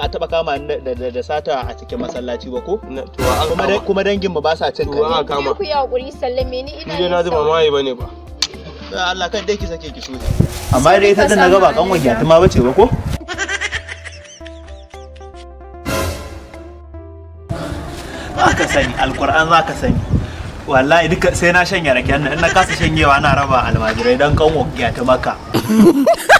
ba a taba kama da sata a cikin masallaci ba ko kuma dangin ba sa cin kare kama ku ya sallame ni ina ni na ji mamaye ne ba Allah kan dai ki sake ki so amma dai ita tana gaba kan wajen ta ma bace ba ko ka sani alkur'an za ka sani wallahi duka sai na shanya rake, nan in na kasa shanyewa na raba almajirai don kan wajen ta maka